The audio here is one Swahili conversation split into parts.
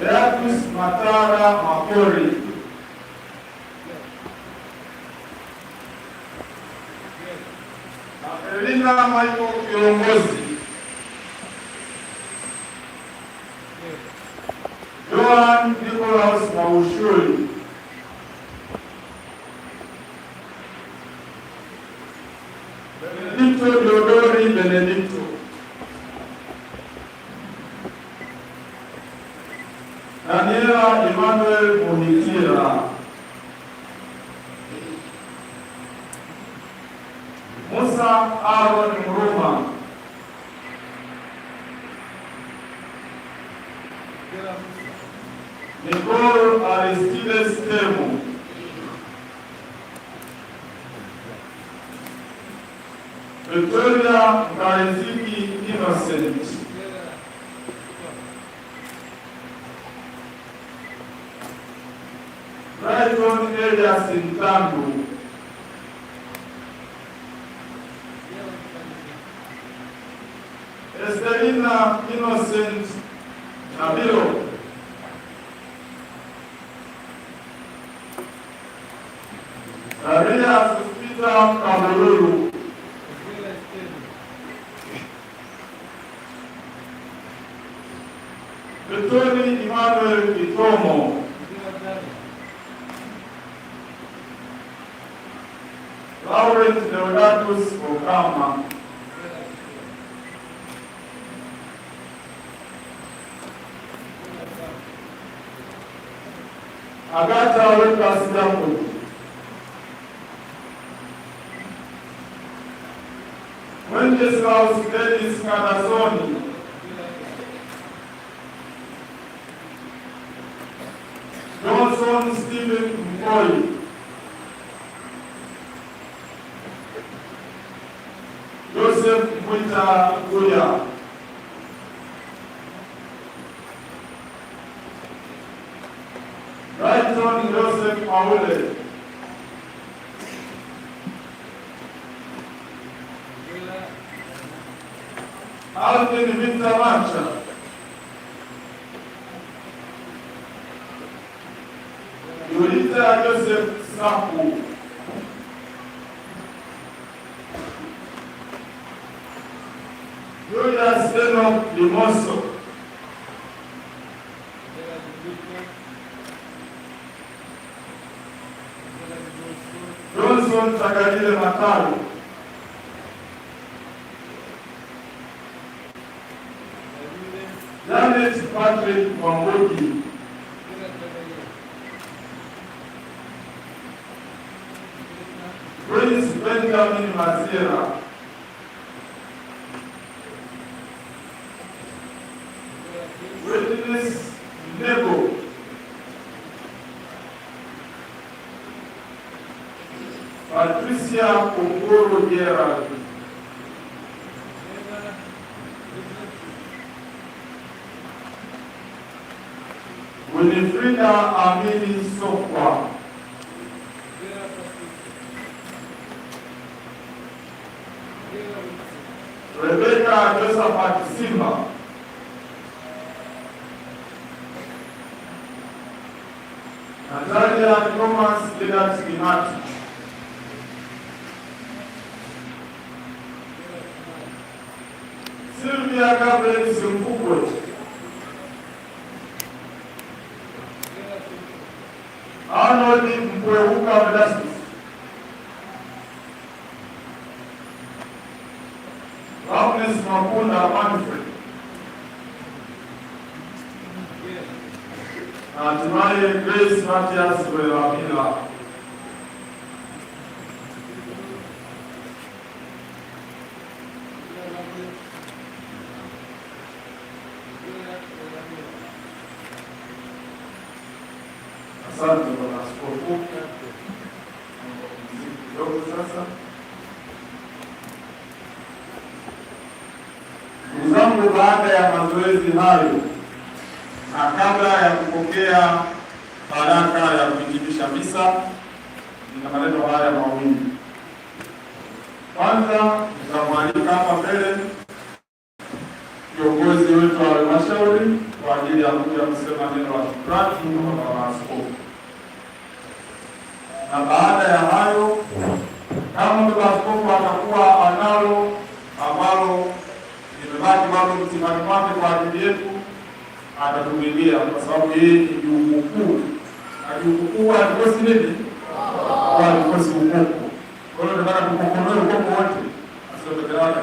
Veracruz, Matara, Makori. Elina Maiko kiongozi Johan Nicholas Musa Aron Mruma. Nicole Aristides Temu. Victoria Mkariziki Innocent. Brighton Elias Ntangu. Estelina Innocent Nabilo. Maria Sisita Kabululu. Petoni Emmanuel itomo Lawrence Deodatus Okama. akataweka silamu Wenceslaus Denis Kadazoni Johnson Stephen Mkoi di Altri niente avanza. Giurita Joseph Sapu. Giulia Steno Limoso. prince benjamin kama ni mazira witness Mdego Patricia Okoro Gerald la adresa Fatima. Nadhari la Thomas la Binati Silvia Gabriel bucuri. Arnold Mkweuka Mdasi James Mapunda Manfred. Hatimaye Grace Matias Welapila mbele viongozi wetu wa halmashauri kwa ajili ya kuja kusema neno la shukrani kutoka kwa maaskofu, na baada ya hayo kama baba askofu atakuwa analo ambalo limebaki bado msimani mwake kwa ajili yetu, atatumilia kwa sababu yeye ni jukumu kuu, na jukumu kuu alikosi nini? Alikosi ukoko. Kwa hiyo tunataka tukokonoe ukoko wote kushoto kiraha na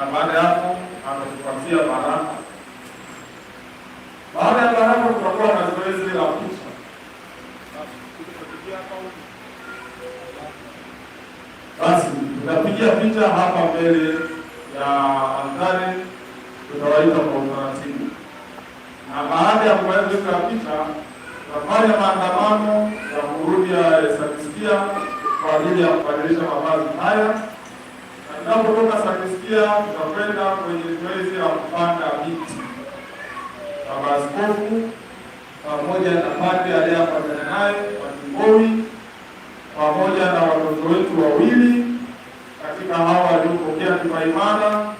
na baada ya hapo anatupatia baraka. Baada ya baraka, tutakuwa na zoezi la kucha basi tutapiga picha hapa mbele ya altari, tutawaita kwa utaratibu, na baada ya kuweka picha tutafanya maandamano ya kurudia sakristia kwa ajili ya kubadilisha mavazi haya. Tunapotoka sakristia tutakwenda kwenye zoezi la kupanda miti. Baba Askofu pamoja na padre aliyeambatana naye wa pamoja na watoto wetu wawili katika hawa waliopokea tuna na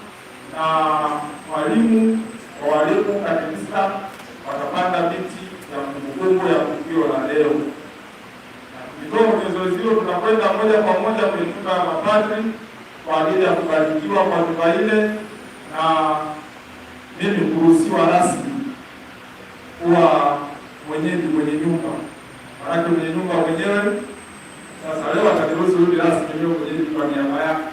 walimu wa walimu katibista watapanda miti ya kumbukumbu ya tukio la leo. Kutoka kwenye zoezi hilo tunakwenda moja kwa moja kwenye nyumba ya mapadri kwa ajili ya kubarikiwa kwa nyumba ile na mimi kuruhusiwa rasmi kuwa mwenyeji kwenye nyumba, maanake mwenye nyumba mwenyewe. Sasa leo ataniruhusu rudi rasmi niwe mwenyeji kwa niaba yake.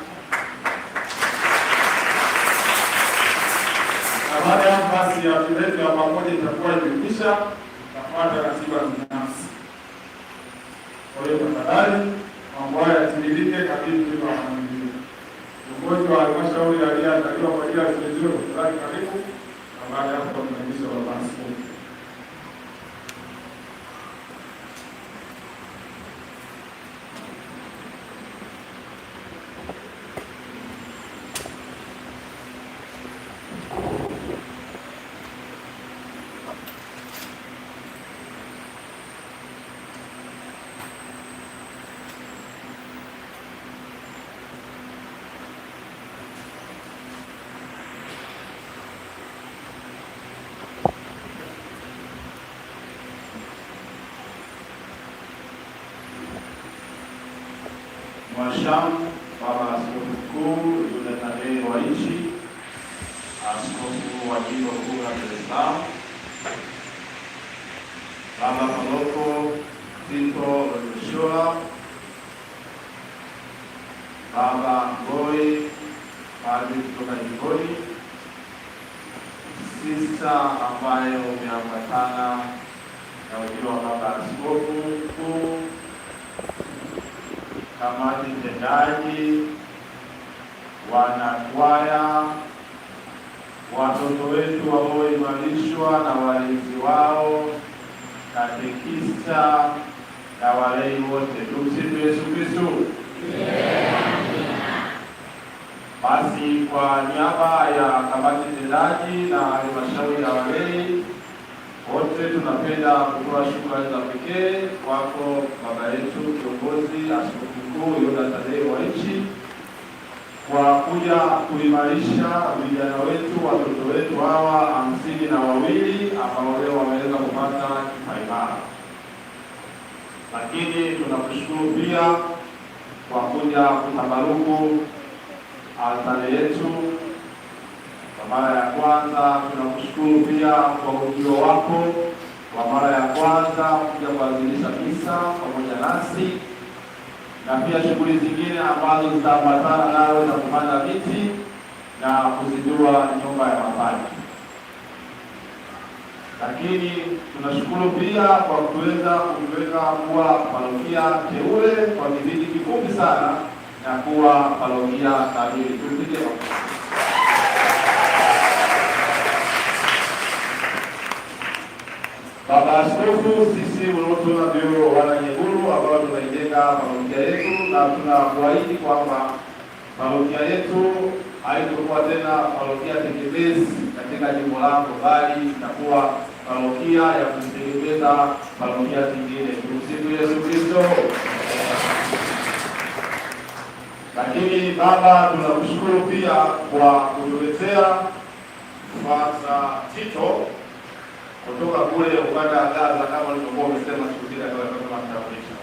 Na baada ya basi ya kiletu ya pamoja itakuwa imekwisha, tafuata ratiba binafsi. Kwa hiyo tafadhali mambo haya yatimilike kabili kwa mmoja wa halmashauri aliyeandaliwa kwa ajili ya ujenzi huo. Karibu na baada hapo tunajisha wa maaskofu Sham baba askofu mkuu yule tarehe wa nchi, askofu wa jimbo kuu la Dar es Salaam, baba paroko Tito Rushura, baba Goi padri kutoka jimboni, sista ambayo umeambatana na ujio wa baba askofu mkuu kamati tendaji, wanakwaya, watoto wetu walioimarishwa na walinzi wao, katekista na walei wote. Tumsifu Yesu Kristo. Basi kwa niaba ya kamati tendaji na halmashauri ya walei wote tunapenda kutoa shukrani za pekee kwako baba yetu kiongozi mkuu Yonathan wa nchi kwa kuja kuimarisha vijana wetu, watoto wetu hawa hamsini na wawili ambao leo wameweza kupata kipaimara, lakini tunakushukuru pia kwa kuja kutabaruku altare yetu kwa mara ya kwanza. Tunakushukuru pia kwa ujio wako kwa mara ya kwanza kuja kuadhimisha misa pamoja nasi na pia shughuli zingine ambazo zitaambatana nayo za kupanda miti na kuzindua nyumba ya mapaji. Lakini tunashukuru pia kwa kuweza kuweka kuwa parokia teule kwa kipindi kifupi sana na kuwa parokia kamili. Tupige Baba Askofu, sisi unaotuna vyuo wana Nyeguru ambao tunaijenga familia yetu, na tunakuahidi kwamba parokia yetu haitakuwa tena parokia tegemezi katika jimbo lako, bali itakuwa parokia ya kutegemeza parokia zingine. Tumsifu Yesu Kristo. Lakini Baba, tunakushukuru pia kwa kutuletea Mfasa Tito kutoka kule ukanda Gaza, kama ulivyokuwa umesema siku zile, akaweza kutambulisha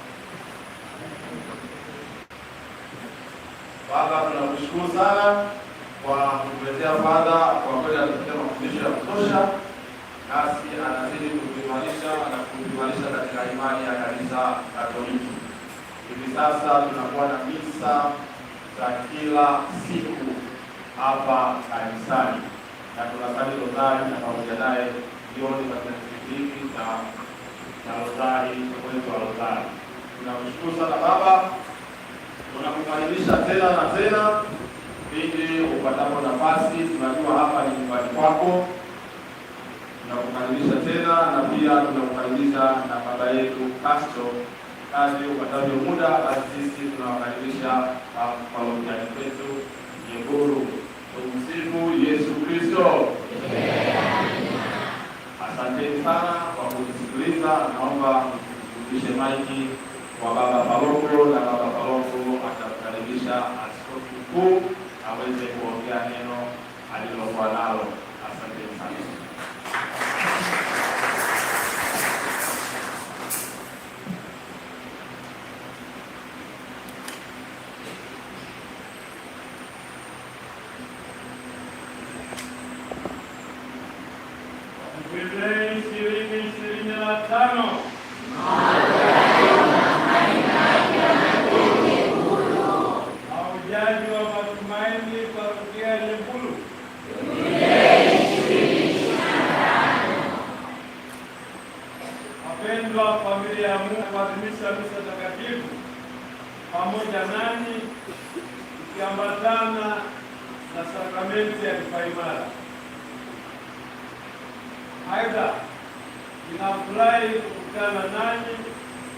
Baba, tunakushukuru sana kwa kutuletea fadha, kwa kweli anatuletea mafundisho ya kutosha, nasi anazidi kutuimarisha na kutuimarisha katika imani ya kanisa Katoliki. Hivi sasa tunakuwa na misa za kila siku hapa kanisani na tunasali rozari na pamoja naye jioni katika kipindi hiki cha rozari, mwezi wa rozari. Tunakushukuru sana Baba tunakukaribisha tena na tena pindi upatapo nafasi. Tunajua hapa ni nyumbani kwako, tunakukaribisha tena na pia tunakukaribisha na baba yetu Castro kazi upatavyo muda, basi sisi tunawakaribisha kwa kwetu Jeguru. Tumsifu Yesu Kristo. Asanteni sana kwa kusikiliza. Naomba mrudishe maiki kwa baba Paroko na baba Paroko niliamua kuadhimisha misa takatifu pamoja nani ikiambatana na sakramenti ya kipaimara. Aidha, ninafurahi kukutana nani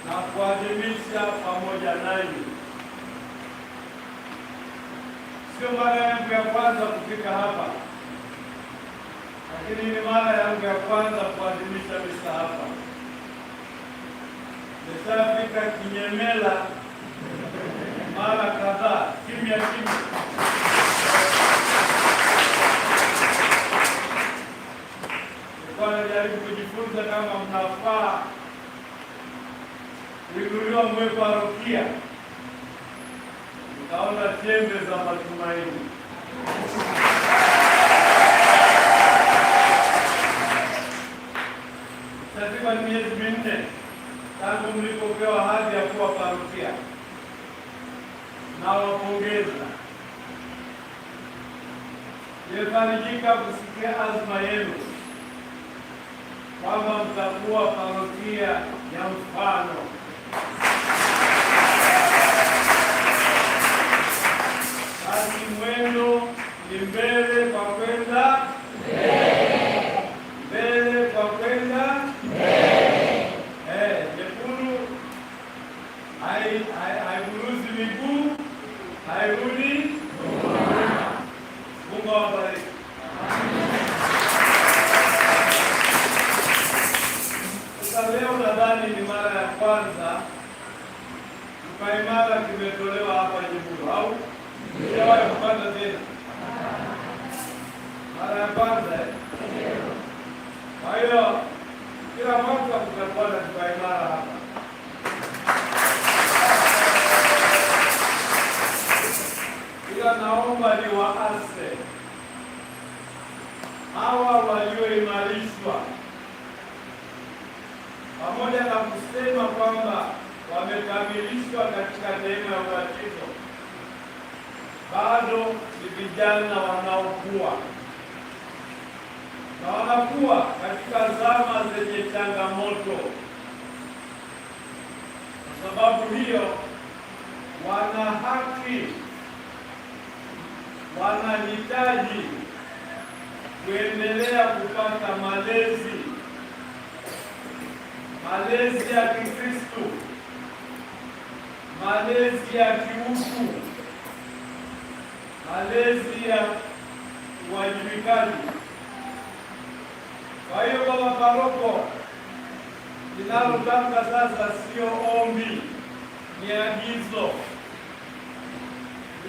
na kuadhimisha pamoja nani Sio mara yangu ya kwanza kufika hapa, lakini ni mara yangu ya kwanza kuadhimisha misa hapa nishafika kinyemela mara kadhaa, kimya kimya. Nilikuwa najaribu kujifunza kama mnafaa kuinuliwa mwe parokia, nikaona chembe za matumaini takriban miezi minne tangu mlipopewa hadhi ya kuwa parokia, nawapongeza. Nimefarijika kusikia azma yenu kwamba mtakuwa parokia ya mfano. Basi mwendo ni mbele kwa kwenda kwanza kipaimara kimetolewa hapa Jimuru au ishawahi kupanda tena mara ya kwanza. Eh. Kwa hiyo kila mwaka tutakuwa na kipaimara hapa. Ila naomba ni waase hawa walioimarishwa pamoja na kusema kwamba wamekamilishwa katika neema ya ubatizo, bado ni vijana wanaokuwa na wanakuwa katika zama zenye changamoto. Kwa sababu hiyo, wana haki, wanahitaji kuendelea kupata malezi malezi ya Kikristo, malezi ya kiutu, malezi ya uwajibikaji. Kwa hiyo baba paroko, linalotamka sasa sio ombi, ni agizo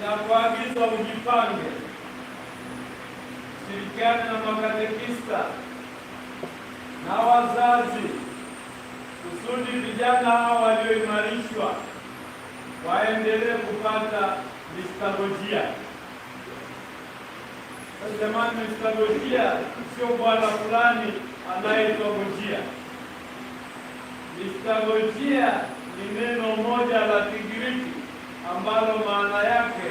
na ujipange, shirikiana na makatekista na wazazi kusudi vijana hao walioimarishwa waendelee kupata mistalojia Sasa jamani, nostalgia sio bwana fulani anayeitwa Gojia. Nostalgia ni neno moja la Kigiriki ambalo maana yake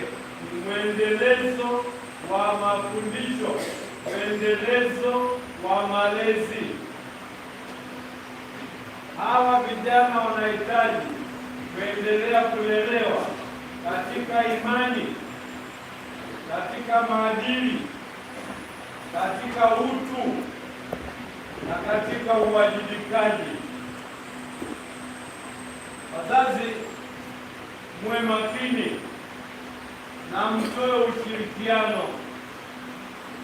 ni mwendelezo wa mafundisho, mwendelezo wa malezi hawa vijana wanahitaji kuendelea kulelewa katika imani, katika maadili, katika utu na katika uwajibikaji. Wazazi, muwe makini na mtoe ushirikiano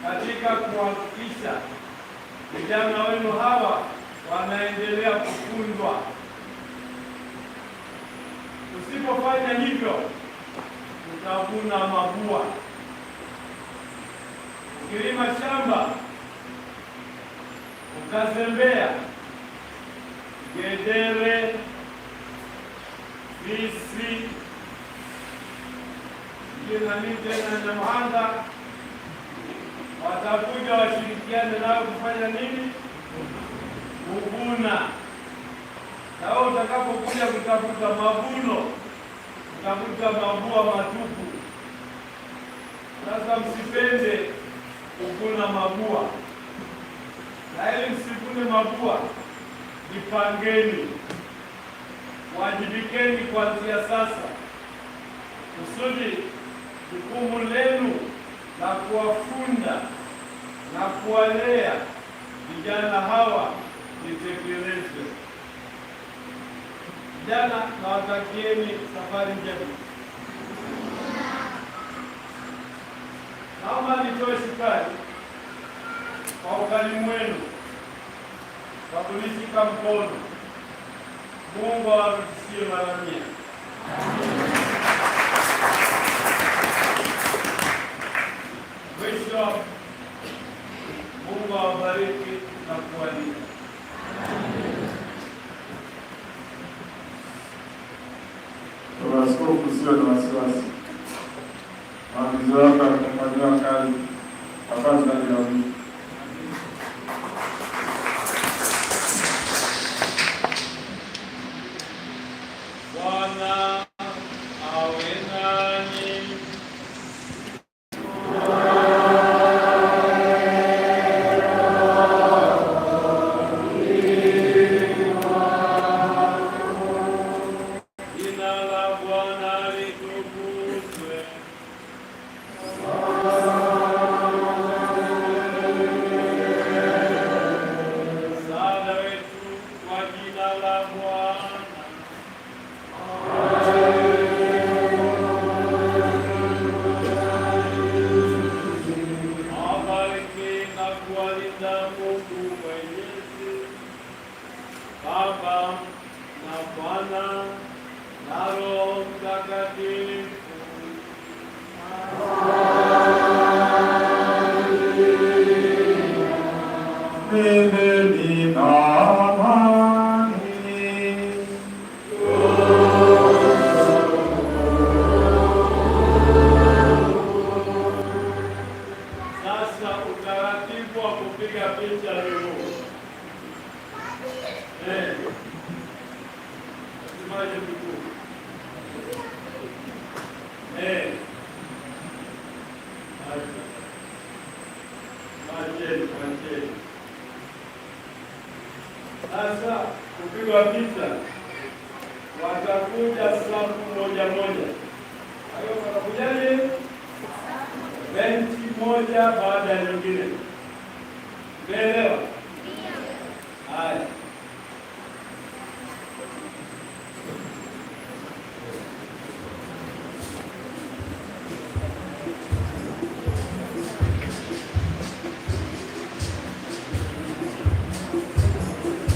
katika kuhakikisha vijana wenu hawa wanaendelea kufunzwa. Usipofanya hivyo utavuna mabua. Ukilima shamba ukazembea, gedere fisi nani mhanga watakuja washirikiane nao kufanya nini? kuvuna. Na wewe utakapokuja kutafuta mavuno, utakuta mabua matupu. Sasa msipende kuvuna mavua, na ili msivune mavua, jipangeni, wajibikeni kuanzia sasa kusudi jukumu lenu la kuwafunda na kuwalea vijana hawa nitekeleze. Jana na safari njema. Naomba nitoe shukrani kwa ukarimu wenu kwa kunishika mkono. Mungu awarudishie mara mia. Mwisho, Mungu awabariki na kuwalinda. Askofu, sio na wasiwasi, maagizo yako yatafanywa kazi afadhali ya na Bwana na Roho Mtakatifu. Kuanzeni, kuanzeni sasa kupigwa picha, watakuja safu moja moja. Hayo watakujaje? benchi moja baada ya nyingine, umeelewa? Haya.